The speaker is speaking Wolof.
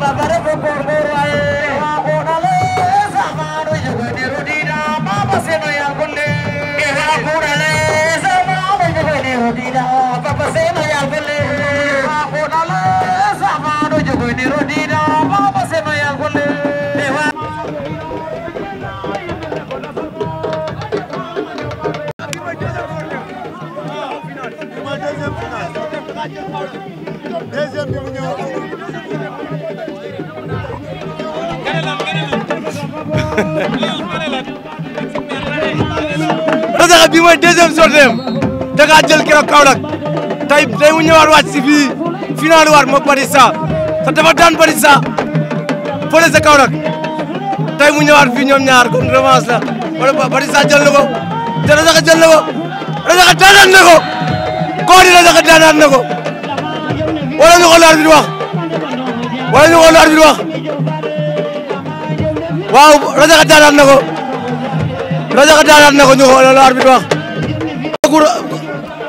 Baba, deuxième bi mooy deuxième sorteem da ngaa jël keroog Kaolack tey tey mu ñëwaat waat si fii final waat moog Batista te dafa daan Batista fële sa Kaolack tey fii ñoom ñaar kon la wala Batista jël na ko te Razaka jël na ko Razaka daanaan na ko góor yi la sax na ko wala ñu xool arbitre wax xool arbitre wax waaw la sax na ko la sax daanaan na ko ñu xool wax